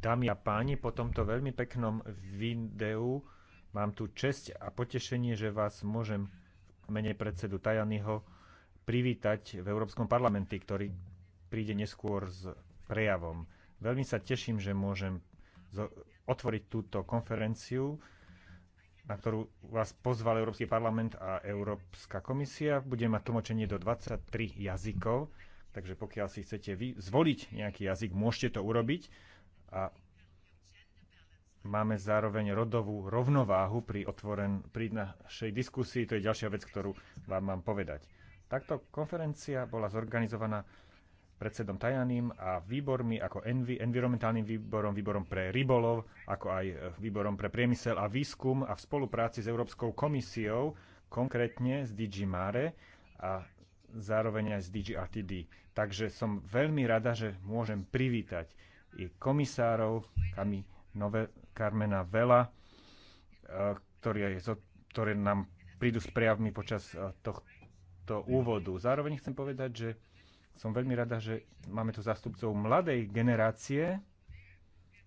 Dámy a páni, po tomto veľmi peknom videu mám tu česť a potešenie, že vás môžem v mene predsedu Tajanyho privítať v Európskom parlamente, ktorý príde neskôr s prejavom. Veľmi sa teším, že môžem otvoriť túto konferenciu, na ktorú vás pozval Európsky parlament a Európska komisia. Budem mať tlmočenie do 23 jazykov. Takže pokiaľ si chcete vy zvoliť nejaký jazyk, môžete to urobiť. A máme zároveň rodovú rovnováhu pri, otvoren, pri našej diskusii. To je ďalšia vec, ktorú vám mám povedať. Takto konferencia bola zorganizovaná predsedom Tajaným a výbormi ako Envi, environmentálnym výborom, výborom pre rybolov, ako aj e, výborom pre priemysel a výskum a v spolupráci s Európskou komisiou, konkrétne s DG Mare a zároveň aj z DG RTD. Takže som veľmi rada, že môžem privítať i komisárov, kami nové, Carmena Vela, e, ktoré, je, ktoré nám prídu s prejavmi počas e, tohto úvodu. Zároveň chcem povedať, že som veľmi rada, že máme tu zástupcov mladej generácie,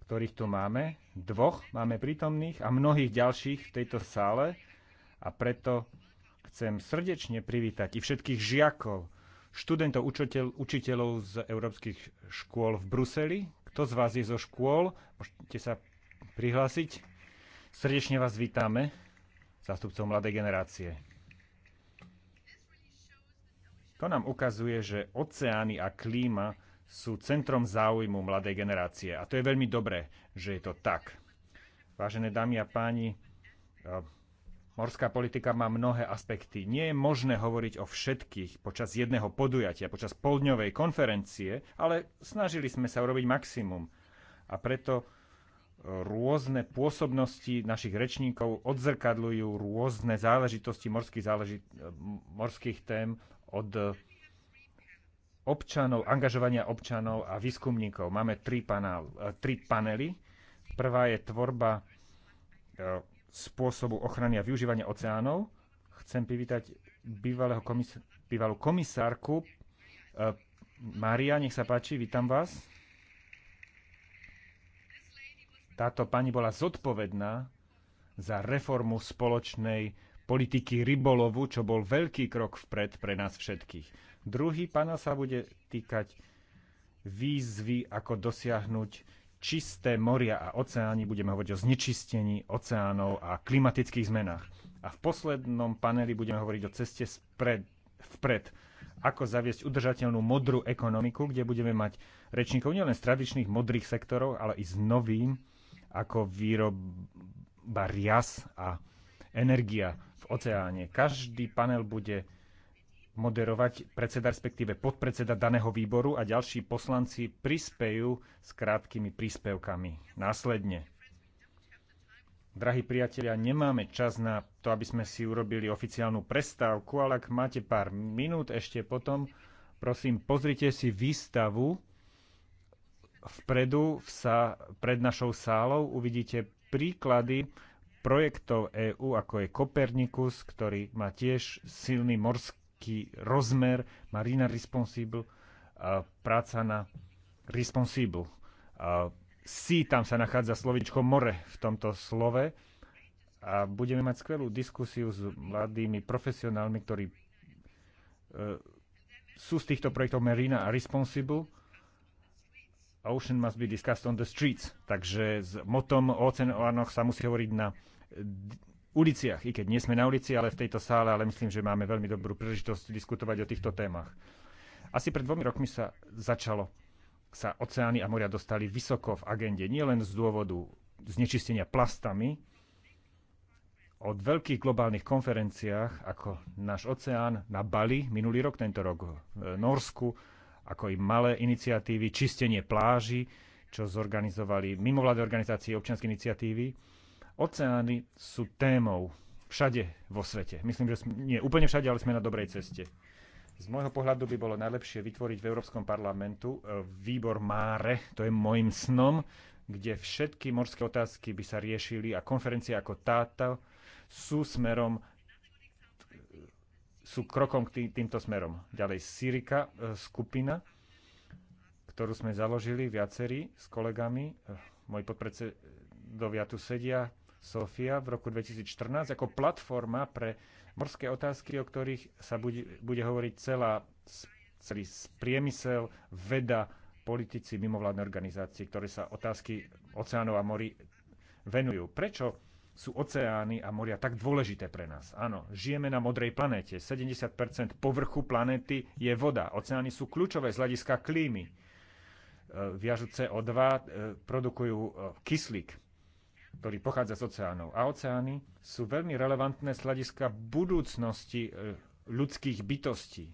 ktorých tu máme, dvoch máme prítomných a mnohých ďalších v tejto sále a preto chcem srdečne privítať i všetkých žiakov, študentov, učiteľ, učiteľov z európskych škôl v Bruseli. Kto z vás je zo škôl? Môžete sa prihlásiť. Srdečne vás vítame, zástupcov mladej generácie. To nám ukazuje, že oceány a klíma sú centrom záujmu mladej generácie. A to je veľmi dobré, že je to tak. Vážené dámy a páni, Morská politika má mnohé aspekty. Nie je možné hovoriť o všetkých počas jedného podujatia, počas poldňovej konferencie, ale snažili sme sa urobiť maximum. A preto e, rôzne pôsobnosti našich rečníkov odzrkadľujú rôzne záležitosti morských, záleži- e, morských tém od e, občanov, angažovania občanov a výskumníkov. Máme tri, panál, tri panely. Prvá je tvorba spôsobu ochrany a využívania oceánov. Chcem privítať bývalého komis- bývalú komisárku e, Maria, nech sa páči, vítam vás. Táto pani bola zodpovedná za reformu spoločnej politiky rybolovu, čo bol veľký krok vpred pre nás všetkých. Druhý panel sa bude týkať výzvy, ako dosiahnuť čisté moria a oceány, budeme hovoriť o znečistení oceánov a klimatických zmenách. A v poslednom paneli budeme hovoriť o ceste spred, vpred, ako zaviesť udržateľnú modrú ekonomiku, kde budeme mať rečníkov nielen z tradičných modrých sektorov, ale i s novým, ako výroba rias a energia v oceáne. Každý panel bude moderovať predseda, respektíve podpredseda daného výboru a ďalší poslanci prispejú s krátkými príspevkami následne. Drahí priatelia, nemáme čas na to, aby sme si urobili oficiálnu prestávku, ale ak máte pár minút ešte potom, prosím, pozrite si výstavu vpredu v sa, pred našou sálou. Uvidíte príklady projektov EÚ, ako je Kopernikus, ktorý má tiež silný morský nejaký rozmer Marina Responsible, Responsible práca na Responsible. Si tam sa nachádza slovičko more v tomto slove a budeme mať skvelú diskusiu s mladými profesionálmi, ktorí e, sú z týchto projektov Marina a Responsible. Ocean must be discussed on the streets. Takže s motom o oceánoch sa musí hovoriť na uliciach, i keď nie sme na ulici, ale v tejto sále, ale myslím, že máme veľmi dobrú príležitosť diskutovať o týchto témach. Asi pred dvomi rokmi sa začalo sa oceány a moria dostali vysoko v agende, nielen z dôvodu znečistenia plastami, od veľkých globálnych konferenciách, ako náš oceán na Bali minulý rok, tento rok v e, Norsku, ako i malé iniciatívy, čistenie pláži, čo zorganizovali mimovládne organizácie občianske iniciatívy, Oceány sú témou všade vo svete. Myslím, že sme, nie úplne všade, ale sme na dobrej ceste. Z môjho pohľadu by bolo najlepšie vytvoriť v Európskom parlamentu e, výbor Máre, to je môjim snom, kde všetky morské otázky by sa riešili a konferencia ako táto sú smerom sú krokom k tý, týmto smerom. Ďalej Sirika e, skupina, ktorú sme založili viacerí s kolegami. E, moji podpredsedovia tu sedia, Sofia v roku 2014 ako platforma pre morské otázky, o ktorých sa bude, bude hovoriť celá, celý priemysel, veda, politici, mimovládne organizácie, ktoré sa otázky oceánov a mori venujú. Prečo sú oceány a moria tak dôležité pre nás? Áno, žijeme na modrej planéte. 70 povrchu planéty je voda. Oceány sú kľúčové z hľadiska klímy. E, Viažu CO2, e, produkujú e, kyslík ktorý pochádza z oceánov. A oceány sú veľmi relevantné z hľadiska budúcnosti e, ľudských bytostí.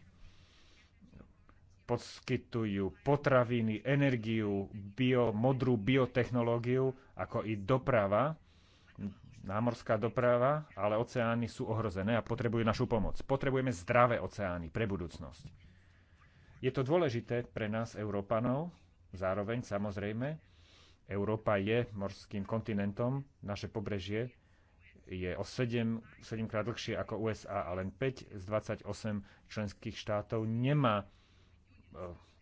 Poskytujú potraviny, energiu, bio, modrú biotechnológiu, ako i doprava, námorská doprava, ale oceány sú ohrozené a potrebujú našu pomoc. Potrebujeme zdravé oceány pre budúcnosť. Je to dôležité pre nás, Európanov, zároveň samozrejme, Európa je morským kontinentom, naše pobrežie je o 7, 7 krát dlhšie ako USA a len 5 z 28 členských štátov nemá e,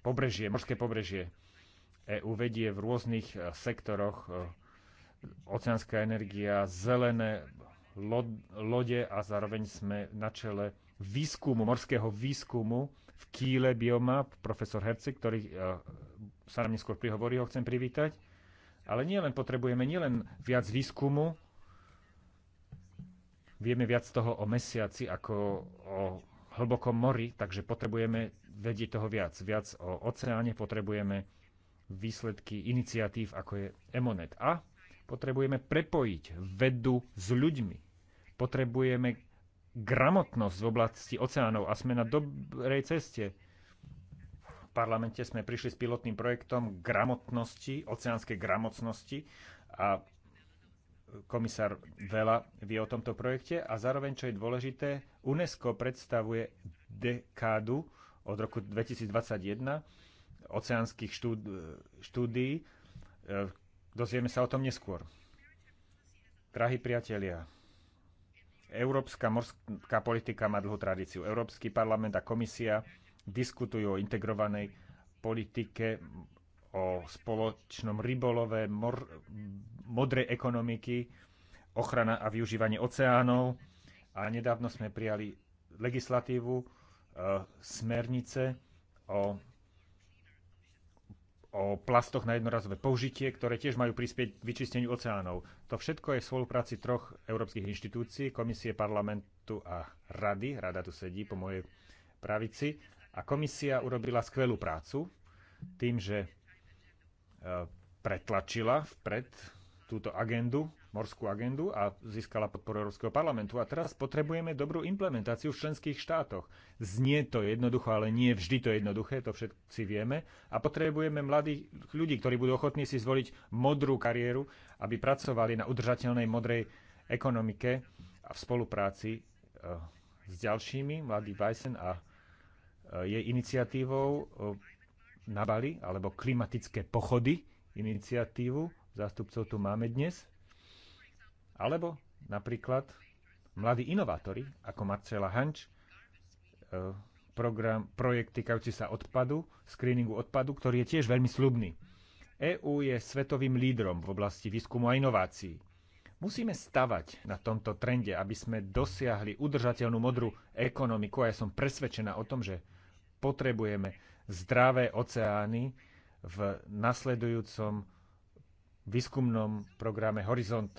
pobrežie, morské pobrežie. EU vedie v rôznych e, sektoroch e, oceánska energia, zelené lode a zároveň sme na čele výskumu, morského výskumu v Kíle Biomap, profesor Herci, ktorý sa nám neskôr prihovorí, ho chcem privítať. Ale nie len potrebujeme len viac výskumu, vieme viac toho o mesiaci ako o hlbokom mori, takže potrebujeme vedieť toho viac. Viac o oceáne potrebujeme výsledky iniciatív, ako je Emonet. A potrebujeme prepojiť vedu s ľuďmi. Potrebujeme gramotnosť v oblasti oceánov a sme na dobrej ceste parlamente sme prišli s pilotným projektom gramotnosti, oceánskej gramotnosti a komisár Vela vie o tomto projekte a zároveň, čo je dôležité, UNESCO predstavuje dekádu od roku 2021 oceánskych štúd- štúdií. Dozvieme sa o tom neskôr. Drahí priatelia, európska morská politika má dlhú tradíciu. Európsky parlament a komisia diskutujú o integrovanej politike, o spoločnom rybolove, mor, modrej ekonomiky, ochrana a využívanie oceánov. A nedávno sme prijali legislatívu, e, smernice o, o plastoch na jednorazové použitie, ktoré tiež majú prispieť k vyčisteniu oceánov. To všetko je v spolupráci troch európskych inštitúcií, komisie, parlamentu a rady. Rada tu sedí po mojej pravici a komisia urobila skvelú prácu tým, že e, pretlačila vpred túto agendu, morskú agendu a získala podporu Európskeho parlamentu. A teraz potrebujeme dobrú implementáciu v členských štátoch. Znie to jednoducho, ale nie vždy to jednoduché, to všetci vieme. A potrebujeme mladých ľudí, ktorí budú ochotní si zvoliť modrú kariéru, aby pracovali na udržateľnej modrej ekonomike a v spolupráci e, s ďalšími, mladý Weissen a E, je iniciatívou e, na Bali, alebo klimatické pochody iniciatívu, zástupcov tu máme dnes, alebo napríklad mladí inovátori, ako Marcela Hanč, e, program, projekt týkajúci sa odpadu, screeningu odpadu, ktorý je tiež veľmi slubný. EÚ je svetovým lídrom v oblasti výskumu a inovácií. Musíme stavať na tomto trende, aby sme dosiahli udržateľnú modrú ekonomiku a ja som presvedčená o tom, že potrebujeme zdravé oceány v nasledujúcom výskumnom programe Horizont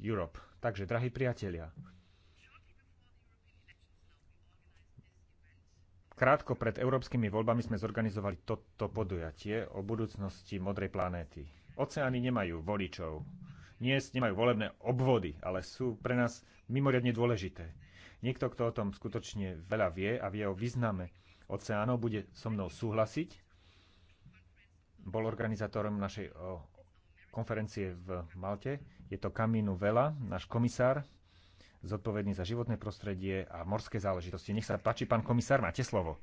Europe. Takže, drahí priatelia, krátko pred európskymi voľbami sme zorganizovali toto podujatie o budúcnosti modrej planéty. Oceány nemajú voličov, nie, nemajú volebné obvody, ale sú pre nás mimoriadne dôležité. Niekto, kto o tom skutočne veľa vie a vie o význame oceánov bude so mnou súhlasiť. Bol organizátorom našej konferencie v Malte. Je to Kamínu Vela, náš komisár, zodpovedný za životné prostredie a morské záležitosti. Nech sa páči, pán komisár, máte slovo.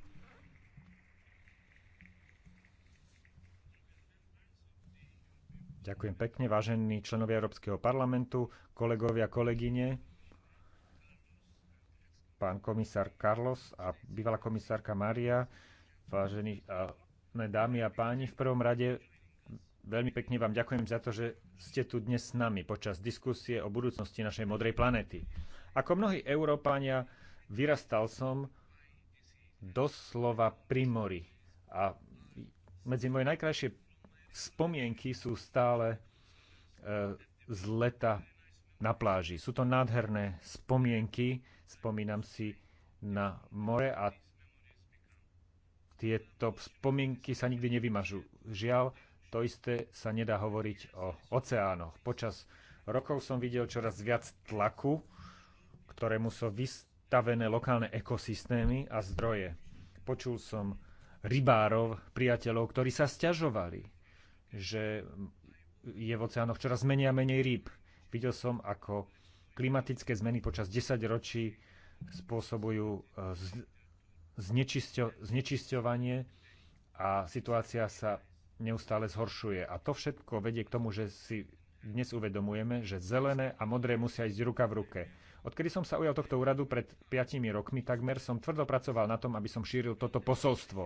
Ďakujem pekne, vážení členovia Európskeho parlamentu, kolegovia, kolegyne pán komisár Carlos a bývalá komisárka Maria, vážení a, dámy a páni, v prvom rade veľmi pekne vám ďakujem za to, že ste tu dnes s nami počas diskusie o budúcnosti našej modrej planéty. Ako mnohí Európania, vyrastal som doslova pri mori a medzi moje najkrajšie spomienky sú stále e, z leta na pláži. Sú to nádherné spomienky, Spomínam si na more a tieto spomienky sa nikdy nevymažú. Žiaľ, to isté sa nedá hovoriť o oceánoch. Počas rokov som videl čoraz viac tlaku, ktorému sú vystavené lokálne ekosystémy a zdroje. Počul som rybárov, priateľov, ktorí sa stiažovali, že je v oceánoch čoraz menej a menej rýb. Videl som, ako Klimatické zmeny počas 10 ročí spôsobujú e, znečisťo, znečisťovanie a situácia sa neustále zhoršuje. A to všetko vedie k tomu, že si dnes uvedomujeme, že zelené a modré musia ísť ruka v ruke. Odkedy som sa ujal tohto úradu pred 5 rokmi, takmer som tvrdo pracoval na tom, aby som šíril toto posolstvo.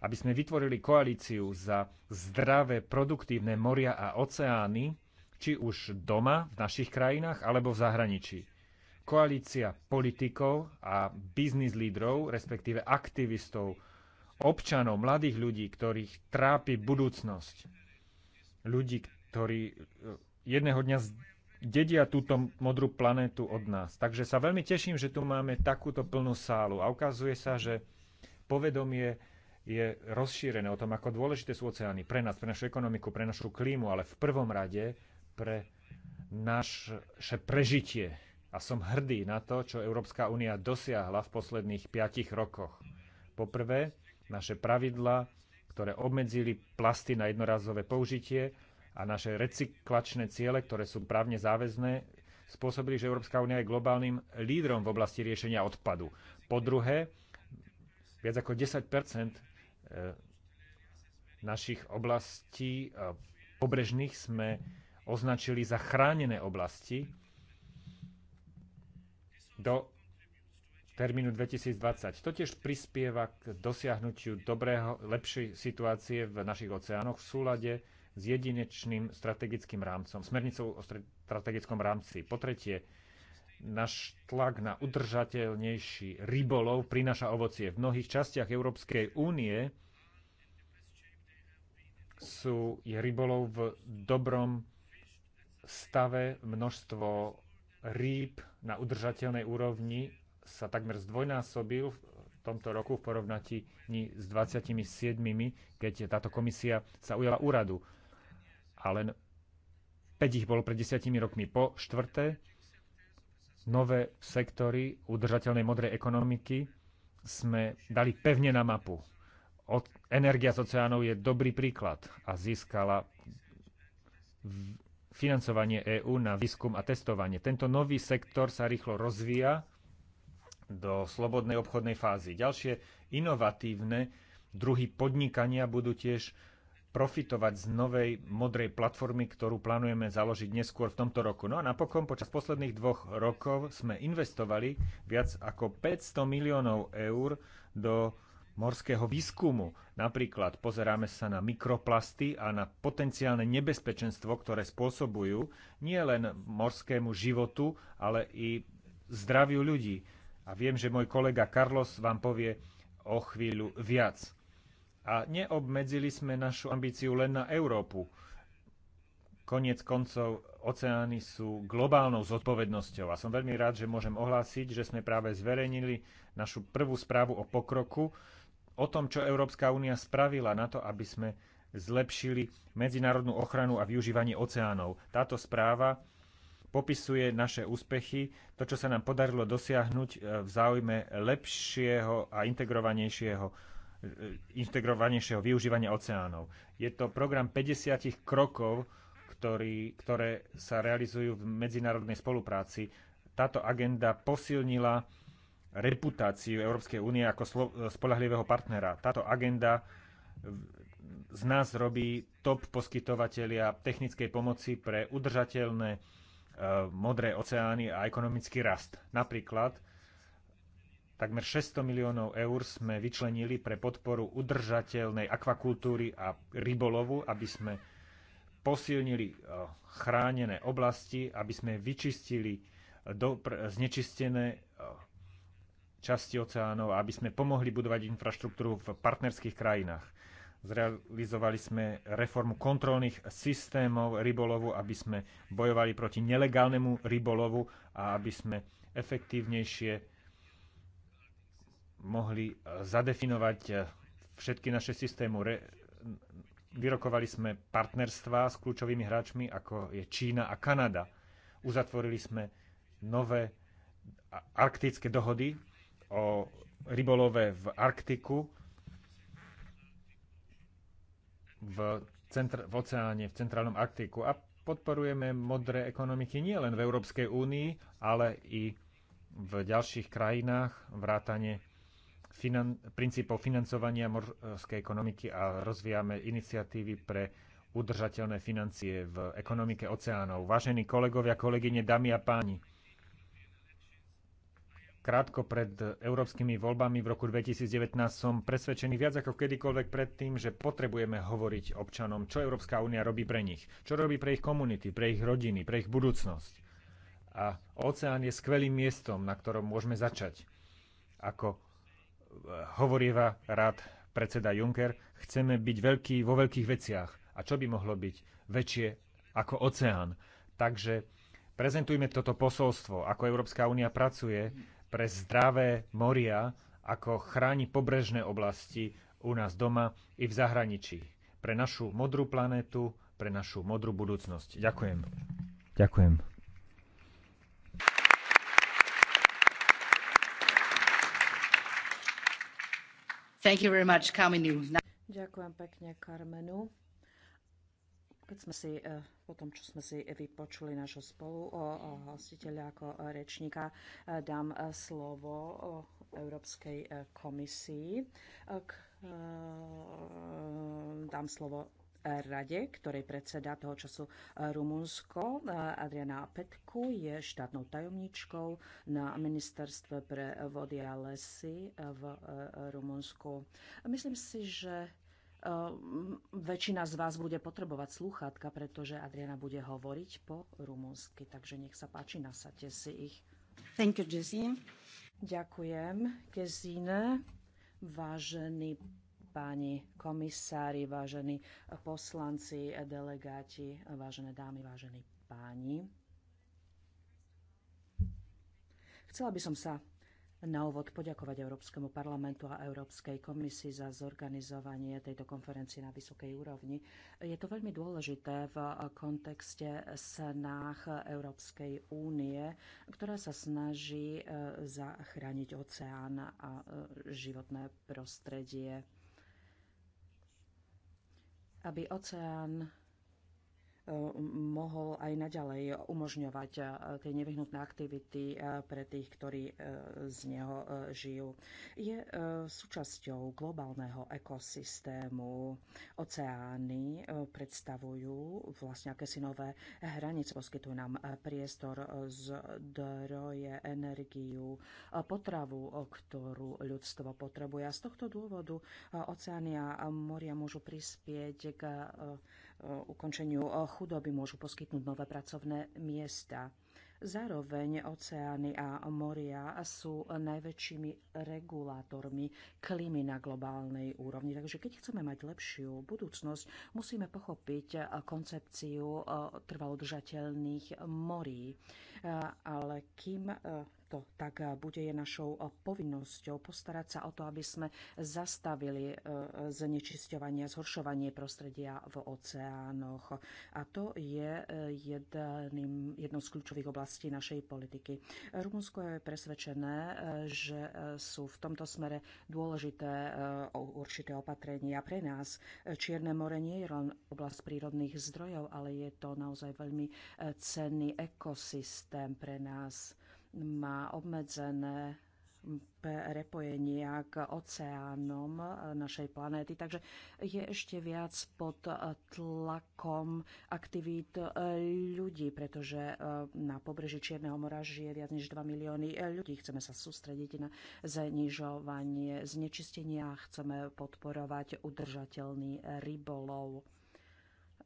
Aby sme vytvorili koalíciu za zdravé, produktívne moria a oceány, či už doma, v našich krajinách, alebo v zahraničí. Koalícia politikov a biznis lídrov, respektíve aktivistov, občanov, mladých ľudí, ktorých trápi budúcnosť. Ľudí, ktorí e, jedného dňa dedia túto modrú planétu od nás. Takže sa veľmi teším, že tu máme takúto plnú sálu a ukazuje sa, že povedomie je rozšírené o tom, ako dôležité sú oceány pre nás, pre našu ekonomiku, pre našu klímu, ale v prvom rade pre naše prežitie. A som hrdý na to, čo Európska únia dosiahla v posledných piatich rokoch. Poprvé, naše pravidla, ktoré obmedzili plasty na jednorazové použitie a naše recyklačné ciele, ktoré sú právne záväzné, spôsobili, že Európska únia je globálnym lídrom v oblasti riešenia odpadu. Po druhé, viac ako 10 e, našich oblastí e, pobrežných sme označili za chránené oblasti do termínu 2020. To tiež prispieva k dosiahnutiu dobrého, lepšej situácie v našich oceánoch v súlade s jedinečným strategickým rámcom, smernicou o strategickom rámci. Po tretie, náš tlak na udržateľnejší rybolov prináša ovocie. V mnohých častiach Európskej únie sú, je rybolov v dobrom stave množstvo rýb na udržateľnej úrovni sa takmer zdvojnásobil v tomto roku v porovnaní s 27, keď táto komisia sa ujala úradu. A len 5 ich bolo pred 10 rokmi. Po štvrté, nové sektory udržateľnej modrej ekonomiky sme dali pevne na mapu. energia z oceánov je dobrý príklad a získala financovanie EÚ na výskum a testovanie. Tento nový sektor sa rýchlo rozvíja do slobodnej obchodnej fázy. Ďalšie inovatívne druhy podnikania budú tiež profitovať z novej modrej platformy, ktorú plánujeme založiť neskôr v tomto roku. No a napokon počas posledných dvoch rokov sme investovali viac ako 500 miliónov eur do morského výskumu. Napríklad pozeráme sa na mikroplasty a na potenciálne nebezpečenstvo, ktoré spôsobujú nie len morskému životu, ale i zdraviu ľudí. A viem, že môj kolega Carlos vám povie o chvíľu viac. A neobmedzili sme našu ambíciu len na Európu. Koniec koncov, oceány sú globálnou zodpovednosťou a som veľmi rád, že môžem ohlásiť, že sme práve zverejnili našu prvú správu o pokroku o tom, čo Európska únia spravila na to, aby sme zlepšili medzinárodnú ochranu a využívanie oceánov. Táto správa popisuje naše úspechy, to, čo sa nám podarilo dosiahnuť e, v záujme lepšieho a integrovanejšieho, e, integrovanejšieho využívania oceánov. Je to program 50 krokov, ktorý, ktoré sa realizujú v medzinárodnej spolupráci. Táto agenda posilnila reputáciu Európskej únie ako spolahlivého partnera. Táto agenda z nás robí top poskytovateľia technickej pomoci pre udržateľné e, modré oceány a ekonomický rast. Napríklad takmer 600 miliónov eur sme vyčlenili pre podporu udržateľnej akvakultúry a rybolovu, aby sme posilnili e, chránené oblasti, aby sme vyčistili do, znečistené e, časti oceánov, aby sme pomohli budovať infraštruktúru v partnerských krajinách. Zrealizovali sme reformu kontrolných systémov rybolovu, aby sme bojovali proti nelegálnemu rybolovu a aby sme efektívnejšie mohli e, zadefinovať e, všetky naše systémy. Re- vyrokovali sme partnerstva s kľúčovými hráčmi, ako je Čína a Kanada. Uzatvorili sme nové arktické dohody, o rybolove v Arktiku, v, centr- v oceáne, v centrálnom Arktiku a podporujeme modré ekonomiky nie len v Európskej únii, ale i v ďalších krajinách, vrátane finan- princípov financovania morskej ekonomiky a rozvíjame iniciatívy pre udržateľné financie v ekonomike oceánov. Vážení kolegovia, kolegyne, dámy a páni, krátko pred európskymi voľbami v roku 2019 som presvedčený viac ako kedykoľvek predtým, že potrebujeme hovoriť občanom, čo Európska únia robí pre nich, čo robí pre ich komunity, pre ich rodiny, pre ich budúcnosť. A oceán je skvelým miestom, na ktorom môžeme začať. Ako e, hovorieva rád predseda Juncker, chceme byť veľký vo veľkých veciach. A čo by mohlo byť väčšie ako oceán? Takže prezentujme toto posolstvo, ako Európska únia pracuje pre zdravé moria, ako chráni pobrežné oblasti u nás doma i v zahraničí. Pre našu modrú planétu, pre našu modrú budúcnosť. Ďakujem. Ďakujem. Thank you very much, Kamenu. Ďakujem pekne, Karmenu. Keď sme si, e, po tom, čo sme si vypočuli nášho spolu hostiteľa ako rečníka, e, dám e, slovo Európskej komisii. K, dám slovo rade, ktorej predseda toho času Rumunsko, Adriana Petku, je štátnou tajomničkou na ministerstve pre vody a lesy v Rumunsku. Myslím si, že Ehm, väčšina z vás bude potrebovať slúchatka, pretože Adriana bude hovoriť po rumúnsky, takže nech sa páči, nasadte si ich. Thank you, Ďakujem, Gesine. Vážení páni komisári, vážení poslanci, delegáti, vážené dámy, vážení páni. Chcela by som sa na úvod poďakovať Európskemu parlamentu a Európskej komisii za zorganizovanie tejto konferencie na vysokej úrovni. Je to veľmi dôležité v kontexte snách Európskej únie, ktorá sa snaží e, zachrániť oceán a e, životné prostredie. Aby oceán mohol aj naďalej umožňovať eh, tie nevyhnutné aktivity eh, pre tých, ktorí eh, z neho žijú. Je súčasťou globálneho ekosystému. Oceány predstavujú vlastne akési nové hranice, poskytujú nám priestor, zdroje, energiu, potravu, ktorú ľudstvo potrebuje. A z tohto dôvodu oceány a moria môžu prispieť k E, ukončeniu e, chudoby môžu poskytnúť nové pracovné miesta. Zároveň oceány a moria sú najväčšími regulátormi klímy na globálnej úrovni. Takže keď chceme mať lepšiu budúcnosť, musíme pochopiť koncepciu e, trvalodržateľných morí ale kým e, to tak e, bude, je našou e, povinnosťou postarať sa o to, aby sme zastavili znečisťovanie, zhoršovanie prostredia v oceánoch. A to je jedným, jednou z kľúčových oblastí našej politiky. Rumunsko je presvedčené, že sú v tomto smere dôležité určité opatrenia pre nás. Čierne more nie je len oblasť prírodných zdrojov, ale je to naozaj veľmi cenný ekosystém systém pre nás má obmedzené prepojenia k oceánom e, našej planéty. Takže je ešte viac pod e, tlakom aktivít e, ľudí, pretože na pobreží Čierneho mora žije viac než 2 milióny ľudí. Chceme sa sústrediť na znižovanie znečistenia a chceme podporovať udržateľný rybolov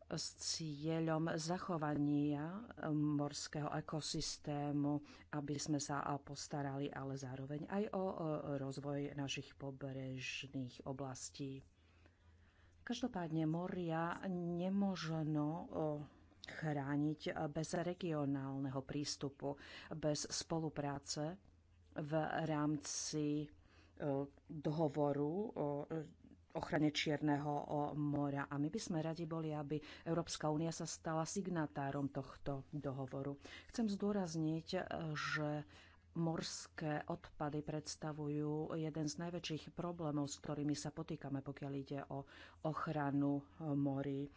s cieľom zachovania eh, morského ekosystému, aby sme sa eh, postarali ale zároveň aj o eh, rozvoj našich pobrežných oblastí. Každopádne moria nemožno chrániť bez regionálneho prístupu, bez spolupráce v rámci dohovoru ochrane Čierneho mora. A my by sme radi boli, aby Európska únia sa stala signatárom tohto dohovoru. Chcem zdôrazniť, e, že morské odpady predstavujú jeden z najväčších problémov, s ktorými sa potýkame, pokiaľ ide o ochranu e, morí. E,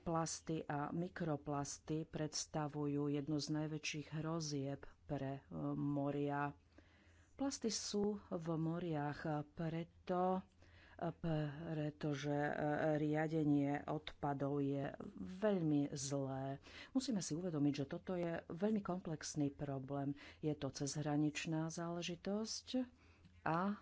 plasty a mikroplasty predstavujú jednu z najväčších hrozieb pre moria. Plasty sú v moriach preto, pretože e, riadenie odpadov je veľmi zlé. Musíme si uvedomiť, že toto je veľmi komplexný problém. Je to cezhraničná záležitosť a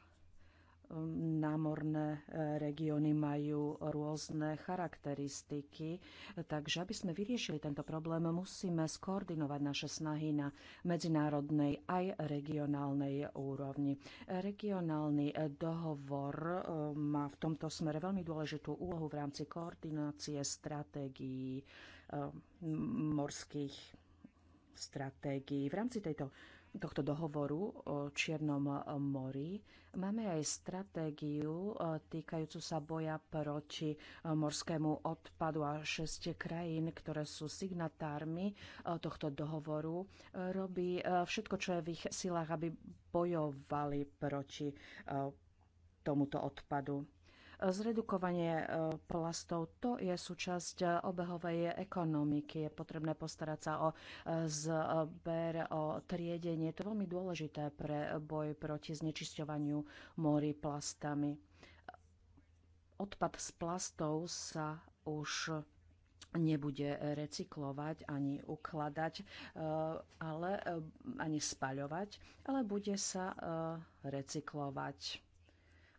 námorné e, regióny majú rôzne charakteristiky, takže aby sme vyriešili tento problém, musíme skoordinovať naše snahy na medzinárodnej aj regionálnej úrovni. Regionálny e, dohovor e, má v tomto smere veľmi dôležitú úlohu v rámci koordinácie stratégií morských stratégií. V rámci tejto tohto dohovoru o Čiernom mori. Máme aj stratégiu e, týkajúcu sa boja proti e, morskému odpadu a šesť krajín, ktoré sú signatármi e, tohto dohovoru, robí všetko, čo je v ich silách, aby bojovali proti tomuto odpadu. Zredukovanie e, plastov to je súčasť e, obehovej ekonomiky. Je potrebné postarať sa o e, zber, o triedenie. To je veľmi dôležité pre boj proti znečisťovaniu morí plastami. Odpad z plastov sa už nebude recyklovať ani ukladať, ale, ani spaľovať, ale bude sa recyklovať.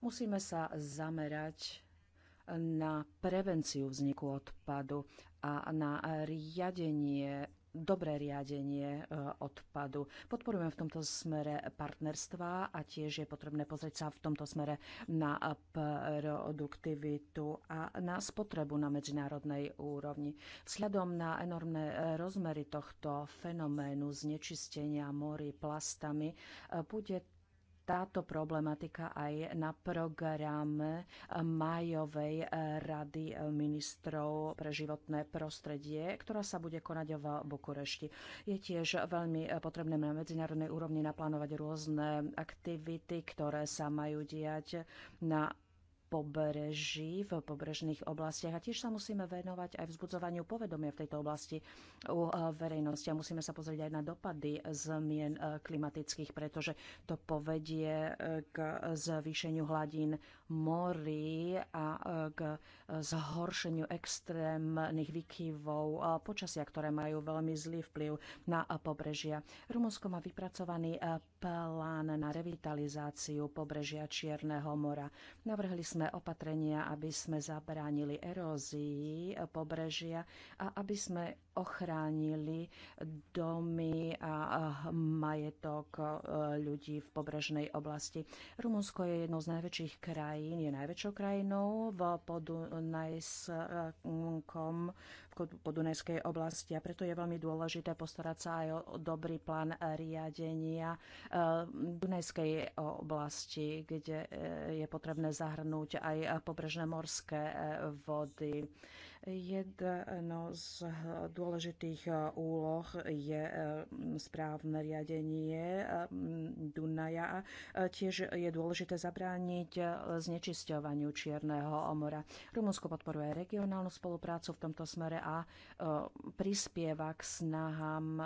Musíme sa zamerať na prevenciu vzniku odpadu a na riadenie dobré riadenie e, odpadu. Podporujeme v tomto smere partnerstva a tiež je potrebné pozrieť sa v tomto smere na produktivitu a na spotrebu na medzinárodnej úrovni. Vzhľadom na enormné rozmery tohto fenoménu znečistenia morí plastami e, bude táto problematika aj na programe májovej rady ministrov pre životné prostredie, ktorá sa bude konať v Bukurešti. Je tiež veľmi potrebné na medzinárodnej úrovni naplánovať rôzne aktivity, ktoré sa majú diať na pobreží, v pobrežných oblastiach. A tiež sa musíme venovať aj vzbudzovaniu povedomia v tejto oblasti u eh, verejnosti. A musíme sa pozrieť aj na dopady zmien eh, klimatických, pretože to povedie eh, k zvýšeniu hladín morí a k zhoršeniu extrémnych vykyvov počasia, ktoré majú veľmi zlý vplyv na pobrežia. Rumunsko má vypracovaný plán na revitalizáciu pobrežia Čierneho mora. Navrhli sme opatrenia, aby sme zabránili erózii pobrežia a aby sme ochránili domy a majetok ľudí v pobrežnej oblasti. Rumunsko je jednou z najväčších krajín, je najväčšou krajinou v Podunajskom po Dunajskej oblasti a preto je veľmi dôležité postarať sa aj o dobrý plán e, riadenia e, Dunajskej oblasti, kde e, je potrebné zahrnúť aj pobrežné morské vody. Jedno z dôležitých e, úloh je e, správne riadenie e, Dunaja. Tiež je dôležité zabrániť znečisťovaniu Čierneho omora. Rumunsko podporuje regionálnu spoluprácu v tomto smere a prispieva k snahám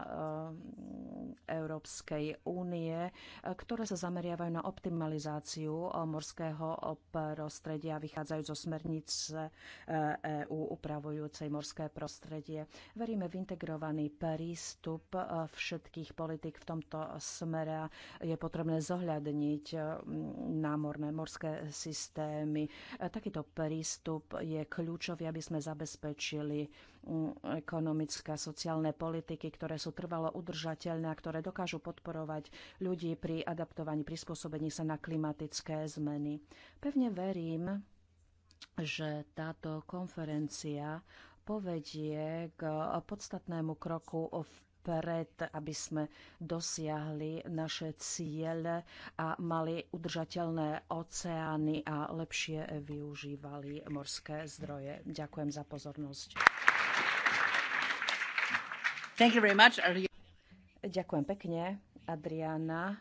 Európskej únie, ktoré sa zameriavajú na optimalizáciu morského prostredia, vychádzajú zo smernice EU upravujúcej morské prostredie. Veríme v integrovaný prístup e, všetkých politik v tomto smere. Je potrebné zohľadniť e, námorné morské systémy. E, takýto prístup je kľúčový, aby sme zabezpečili ekonomické a sociálne politiky, ktoré sú trvalo udržateľné a ktoré dokážu podporovať ľudí pri adaptovaní, prispôsobení sa na klimatické zmeny. Pevne verím, že táto konferencia povedie k podstatnému kroku vpred, aby sme dosiahli naše ciele a mali udržateľné oceány a lepšie využívali morské zdroje. Ďakujem za pozornosť. Thank you very much. Ďakujem pekne, Adriana.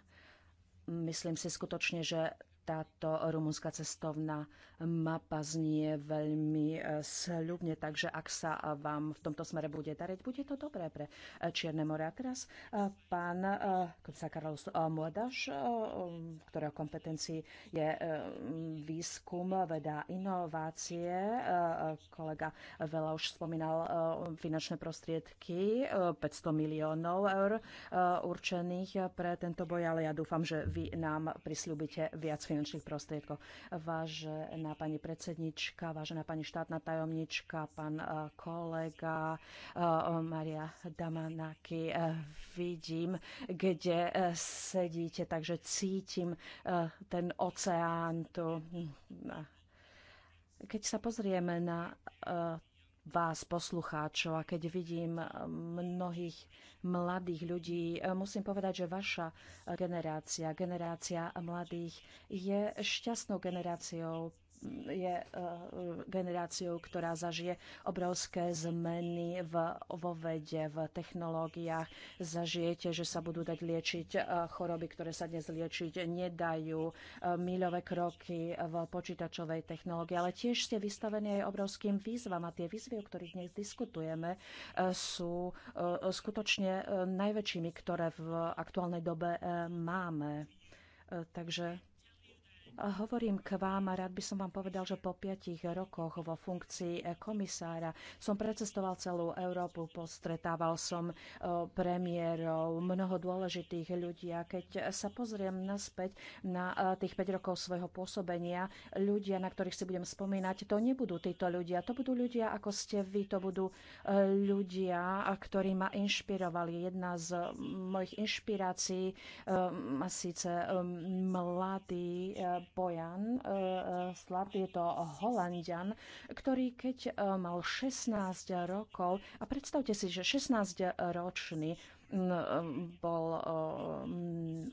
Myslím si skutočne, že táto rumunská cestovná mapa znie veľmi e, sľubne, takže ak sa vám v tomto smere bude dariť, bude to dobré pre e, Čierne more. A teraz e, pán komisár Carlos Modaš, ktorého kompetencii je výskum, veda, inovácie. Kolega Vela už spomínal finančné prostriedky, 500 miliónov eur určených pre tento boj, ale ja dúfam, že vy nám prislúbite viac finančných finančných prostriedkoch. Vážená pani predsednička, vážená pani štátna tajomnička, pán eh, kolega eh, Maria Damanaki, eh, vidím, kde sedíte, takže cítim ten oceán tu. Hm, hm, hm. Keď sa pozrieme na vás, poslucháčov. A keď vidím eh, mnohých mladých ľudí, eh, musím povedať, že vaša generácia, generácia mladých, je šťastnou generáciou je eh, generáciou, ktorá zažije obrovské zmeny v, vo vede, v technológiách. Zažijete, že sa budú dať liečiť eh, choroby, ktoré sa dnes liečiť nedajú, eh, míľové kroky v počítačovej technológii, ale tiež ste vystavení aj obrovským výzvam a tie výzvy, o ktorých dnes diskutujeme, sú skutočne najväčšími, ktoré v aktuálnej dobe máme. Takže Hovorím k vám a rád by som vám povedal, že po piatich rokoch vo funkcii komisára som precestoval celú Európu, postretával som e, premiérov, mnoho dôležitých ľudí a keď sa pozriem naspäť na e, tých 5 rokov svojho pôsobenia, ľudia, na ktorých si budem spomínať, to nebudú títo ľudia, to budú ľudia ako ste vy, to budú e, ľudia, ktorí ma inšpirovali. Jedna z mojich inšpirácií, a síce mladý Bojan e, e, Slab, je to Holandian, ktorý keď e, mal 16 rokov, a predstavte si, že 16-ročný bol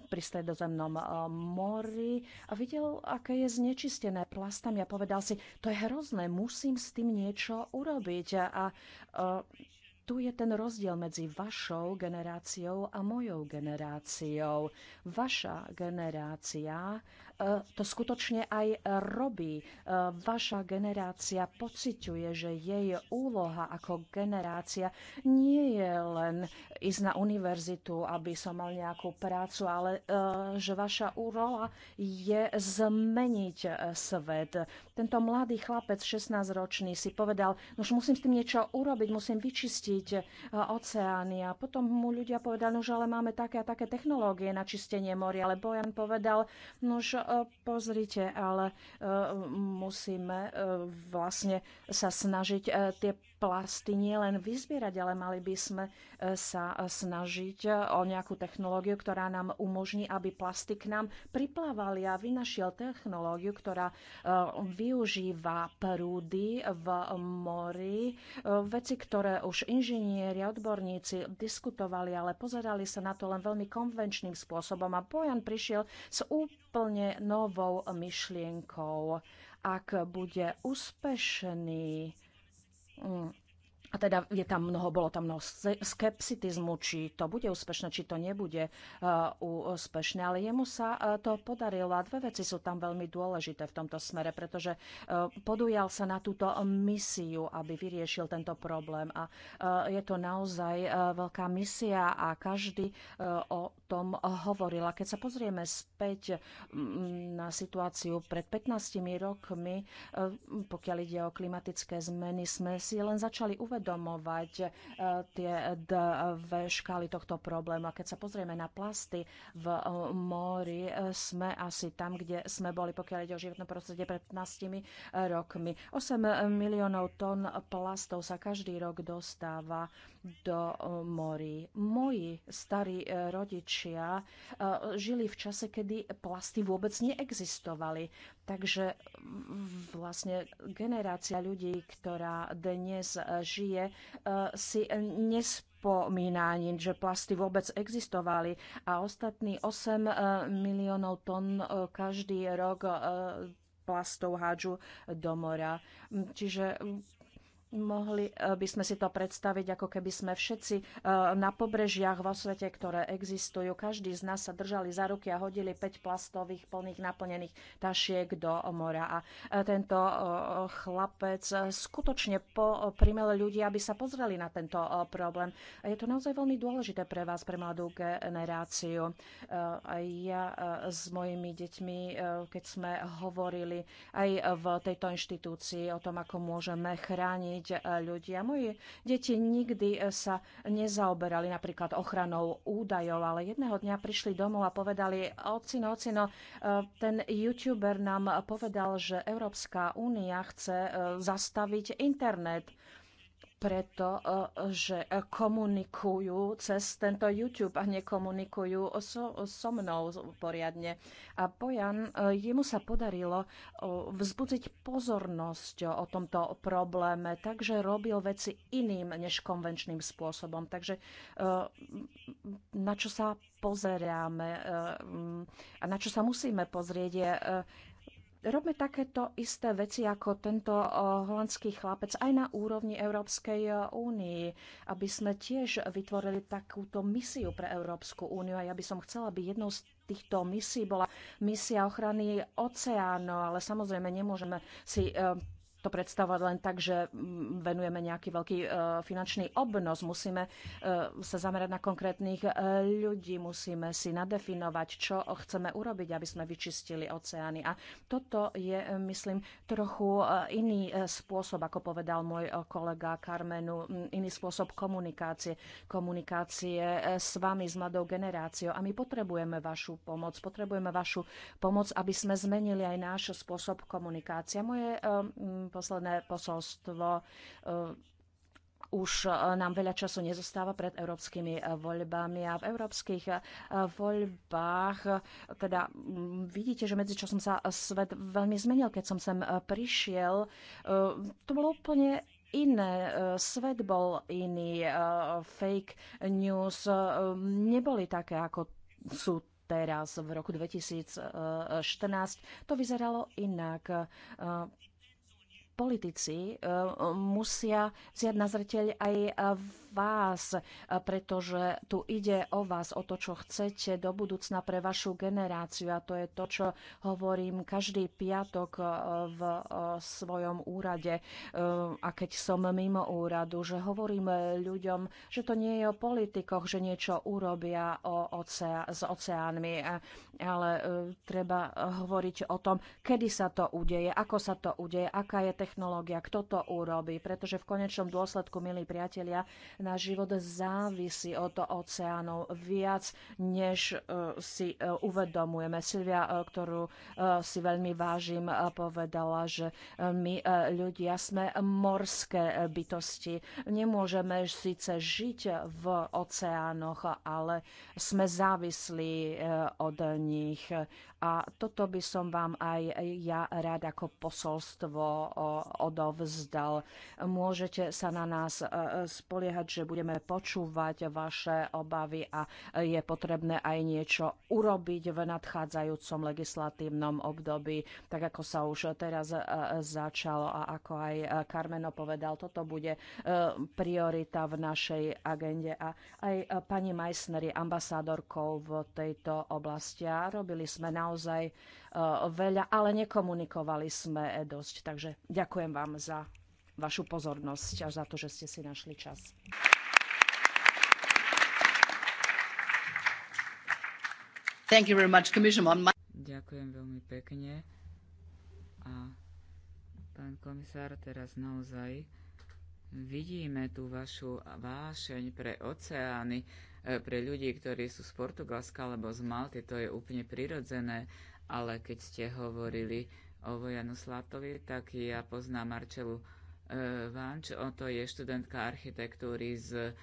pri stredozemnom mori a videl, aké je znečistené plastami a povedal si, to je hrozné, musím s tým niečo urobiť. A tu je ten rozdiel medzi vašou generáciou a mojou generáciou. Vaša generácia E, to skutočne aj robí. E, vaša generácia pociťuje, že jej úloha ako generácia nie je len ísť na univerzitu, aby som mal nejakú prácu, ale e, že vaša úloha je zmeniť svet. Tento mladý chlapec, 16-ročný, si povedal, no už musím s tým niečo urobiť, musím vyčistiť oceány. A potom mu ľudia povedali, no že ale máme také a také technológie na čistenie moria. Ale Bojan povedal, no, že E, pozrite, ale e, musíme e, vlastne sa snažiť tie plasty nielen vyzbierať, ale mali by sme sa snažiť o nejakú technológiu, ktorá nám umožní, aby plasty k nám priplávali a vynašiel technológiu, ktorá využíva prúdy v mori. Veci, ktoré už inžinieri, odborníci diskutovali, ale pozerali sa na to len veľmi konvenčným spôsobom a Bojan prišiel s úplne novou myšlienkou. Ak bude úspešný, mm, a teda je tam mnoho, bolo tam mnoho skepsitizmu, či to bude úspešné, či to nebude uh, úspešné, ale jemu sa uh, to podarilo a dve veci sú tam veľmi dôležité v tomto smere, pretože uh, podujal sa na túto misiu, aby vyriešil tento problém a uh, je to naozaj uh, veľká misia a každý uh, o tom hovoril. A keď sa pozrieme späť um, na situáciu pred 15 rokmi, pokiaľ ide o klimatické zmeny, sme si len začali uvedomiť, uvedomovať e, tie dve škály tohto problému. A keď sa pozrieme na plasty v e, mori, e, sme asi tam, kde sme boli, pokiaľ ide o životné prostredie pred 15 rokmi. 8 miliónov tón plastov sa každý rok dostáva do eh, morí. Moji starí eh, rodičia eh, žili v čase, kedy plasty vôbec neexistovali. Takže mm, vlastne generácia ľudí, ktorá dnes žije, si nespomína ani, že plasty vôbec existovali a ostatní 8 miliónov tón každý rok plastov hádžu do mora. Hm, čiže hm, Mohli eh, by sme si to predstaviť, ako keby sme všetci eh, na pobrežiach vo svete, ktoré existujú, každý z nás sa držali za ruky a hodili 5 plastových plných naplnených tašiek do mora. A eh, tento chlapec skutočne primel ľudí, aby sa pozreli na tento problém. A je to naozaj veľmi dôležité pre vás, pre mladú generáciu. Aj ja s mojimi deťmi, keď sme hovorili aj v tejto inštitúcii o tom, ako môžeme chrániť mať e, ľudia. Moje deti nikdy e, sa nezaoberali napríklad ochranou údajov, ale jedného dňa prišli domov a povedali, ocino, ocino, e, ten youtuber nám povedal, že Európska únia chce zastaviť internet preto, e, že komunikujú cez tento YouTube a nekomunikujú so, so mnou poriadne. A Bojan, e, jemu sa podarilo e, vzbudziť pozornosť o tomto probléme, takže robil veci iným než konvenčným spôsobom. Takže na čo sa pozeráme a na čo sa musíme pozrieť je robme takéto isté veci ako tento holandský chlapec aj na úrovni Európskej únii, aby sme tiež vytvorili takúto misiu pre Európsku úniu. A ja by som chcela, aby jednou z týchto misií bola misia ochrany oceánov, ale samozrejme nemôžeme si e, to predstavovať len tak, že venujeme nejaký veľký e, finančný obnos. Musíme e, sa zamerať na konkrétnych e, ľudí, musíme si nadefinovať, čo chceme urobiť, aby sme vyčistili oceány. A toto je, myslím, trochu iný spôsob, ako povedal môj kolega Carmenu, iný spôsob komunikácie. Komunikácie s vami, s mladou generáciou. A my potrebujeme vašu pomoc. Potrebujeme vašu pomoc, aby sme zmenili aj náš spôsob komunikácie. Moje um, posledné posolstvo eh, už eh, nám veľa času nezostáva pred európskymi eh, voľbami a v európskych voľbách teda mm, vidíte, že medzičasom sa svet veľmi zmenil, keď som sem prišiel. To bolo úplne iné, svet bol iný, fake news neboli také, ako sú teraz v roku 2014. To vyzeralo inak politici eh, musia vziať na zreteľ aj eh, vás, e, pretože tu ide o vás, o to, čo chcete do budúcna pre vašu generáciu. A to je to, čo hovorím každý piatok e, v e, svojom úrade. A keď som mimo úradu, že hovorím ľuďom, že to nie je o politikoch, že niečo urobia o oceá- s oceánmi, ale treba hovoriť o tom, kedy sa to udeje, ako sa to udeje, aká je technológia, kto to urobí. Pretože v konečnom dôsledku, milí priatelia, na život závisí od oceánov viac, než e, si e, uvedomujeme. Silvia, e, ktorú si veľmi vážim, povedala, že my ľudia sme morské bytosti. Nemôžeme síce žiť v oceánoch, ale sme závislí od nich. A toto by som vám aj ja rád ako posolstvo odovzdal. Môžete sa na nás e, e, spoliehať, že budeme počúvať vaše obavy a je potrebné aj niečo urobiť v nadchádzajúcom legislatívnom období, tak ako sa už teraz e, začalo a ako aj Carmeno povedal, toto bude priorita v našej agende. A aj pani Meissner je ambasádorkou v tejto oblasti a robili sme na naozaj e, veľa, ale nekomunikovali sme dosť. Takže ďakujem vám za vašu pozornosť a za to, že ste si našli čas. Thank you very much, my... Ďakujem veľmi pekne. A pán komisár, teraz naozaj vidíme tú vašu vášeň pre oceány E, pre ľudí, ktorí sú z Portugalska alebo z Malty, to je úplne prirodzené, ale keď ste hovorili o Vojanu Slatovi, tak ja poznám Marčelu e, Vanč, o to je študentka architektúry z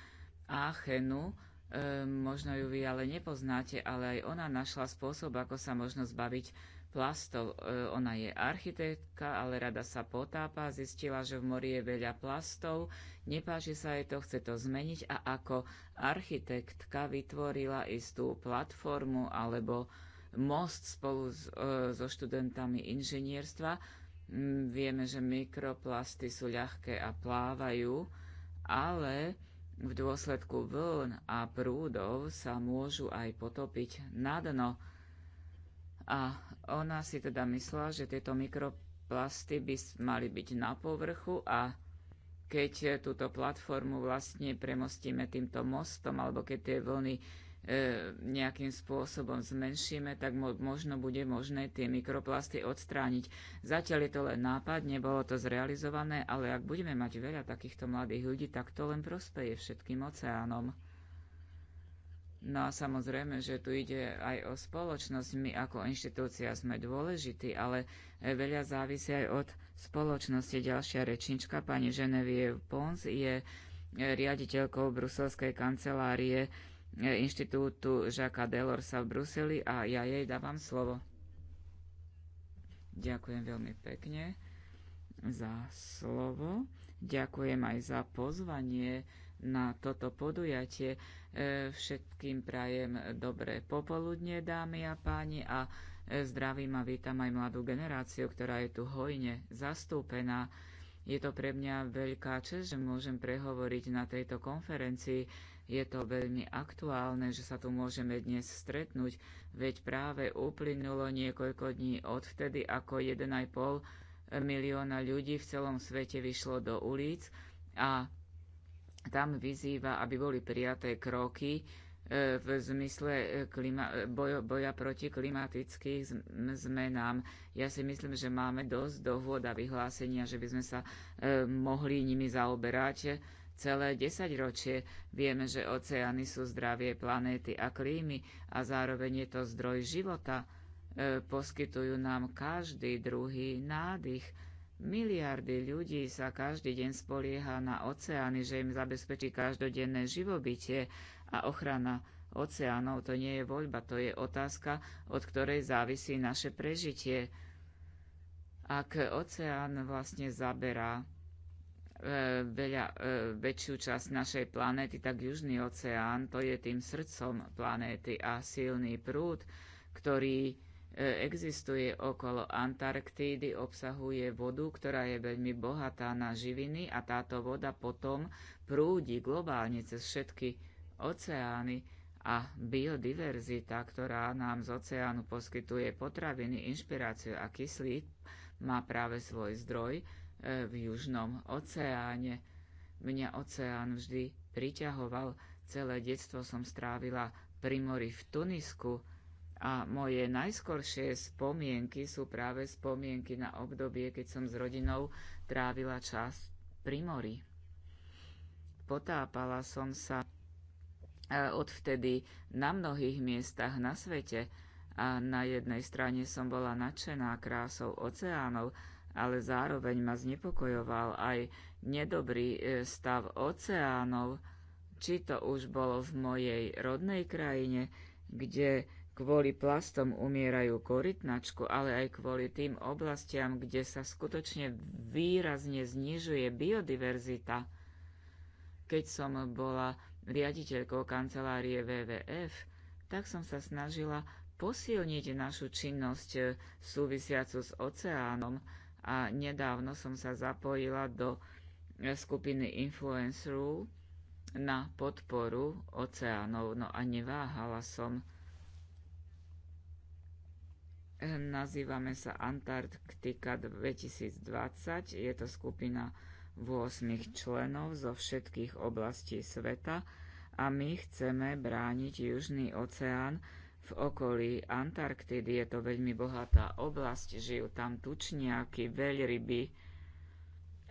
Aachenu, Ehm, možno ju vy ale nepoznáte, ale aj ona našla spôsob, ako sa možno zbaviť plastov. Ehm, ona je architektka, ale rada sa potápa, zistila, že v mori je veľa plastov, nepáči sa jej to, chce to zmeniť a ako architektka vytvorila istú platformu alebo most spolu s, e, so študentami inžinierstva. Mm, vieme, že mikroplasty sú ľahké a plávajú, ale v dôsledku vln a prúdov sa môžu aj potopiť na dno. A ona si teda myslela, že tieto mikroplasty by mali byť na povrchu a keď túto platformu vlastne premostíme týmto mostom, alebo keď tie vlny E, nejakým spôsobom zmenšíme, tak možno bude možné tie mikroplasty odstrániť. Zatiaľ je to len nápad, nebolo to zrealizované, ale ak budeme mať veľa takýchto mladých ľudí, tak to len prospeje všetkým oceánom. No a samozrejme, že tu ide aj o spoločnosť. My ako inštitúcia sme dôležití, ale e, veľa závisí aj od spoločnosti. Ďalšia rečnička, pani Ženevie Pons, je e, riaditeľkou Bruselskej kancelárie inštitútu Žaka Delorsa v Bruseli a ja jej dávam slovo. Ďakujem veľmi pekne za slovo. Ďakujem aj za pozvanie na toto podujatie. E, všetkým prajem dobré popoludne, dámy a páni, a e, zdravím a vítam aj mladú generáciu, ktorá je tu hojne zastúpená. Je to pre mňa veľká čest, že môžem prehovoriť na tejto konferencii. Je to veľmi aktuálne, že sa tu môžeme dnes stretnúť, veď práve uplynulo niekoľko dní od vtedy, ako 1,5 milióna ľudí v celom svete vyšlo do ulic a tam vyzýva, aby boli prijaté kroky, v zmysle e, klima, e, bojo, boja proti klimatických zmenám. Ja si myslím, že máme dosť dohôd a vyhlásenia, že by sme sa e, mohli nimi zaoberať celé desaťročie. Vieme, že oceány sú zdravie planéty a klímy a zároveň je to zdroj života. poskytujú nám každý druhý nádych. Miliardy ľudí sa každý deň spolieha na oceány, že im zabezpečí každodenné živobytie a ochrana oceánov. To nie je voľba, to je otázka, od ktorej závisí naše prežitie. Ak oceán vlastne zaberá e, veľa, e, väčšiu časť našej planéty, tak Južný oceán to je tým srdcom planéty a silný prúd, ktorý e, existuje okolo Antarktídy, obsahuje vodu, ktorá je veľmi bohatá na živiny a táto voda potom prúdi globálne cez všetky oceány a biodiverzita, ktorá nám z oceánu poskytuje potraviny, inšpiráciu a kyslík, má práve svoj zdroj e, v Južnom oceáne. Mňa oceán vždy priťahoval, celé detstvo som strávila pri mori v Tunisku a moje najskoršie spomienky sú práve spomienky na obdobie, keď som s rodinou trávila čas pri mori. Potápala som sa odvtedy na mnohých miestach na svete a na jednej strane som bola nadšená krásou oceánov, ale zároveň ma znepokojoval aj nedobrý e, stav oceánov, či to už bolo v mojej rodnej krajine, kde kvôli plastom umierajú korytnačku, ale aj kvôli tým oblastiam, kde sa skutočne výrazne znižuje biodiverzita. Keď som bola riaditeľkou kancelárie WWF, tak som sa snažila posilniť našu činnosť súvisiacu s oceánom a nedávno som sa zapojila do skupiny influencerov na podporu oceánov. No a neváhala som. Nazývame sa Antarktika 2020. Je to skupina členov zo všetkých oblastí sveta a my chceme brániť Južný oceán. V okolí Antarktidy je to veľmi bohatá oblasť, žijú tam tučniaky, veľryby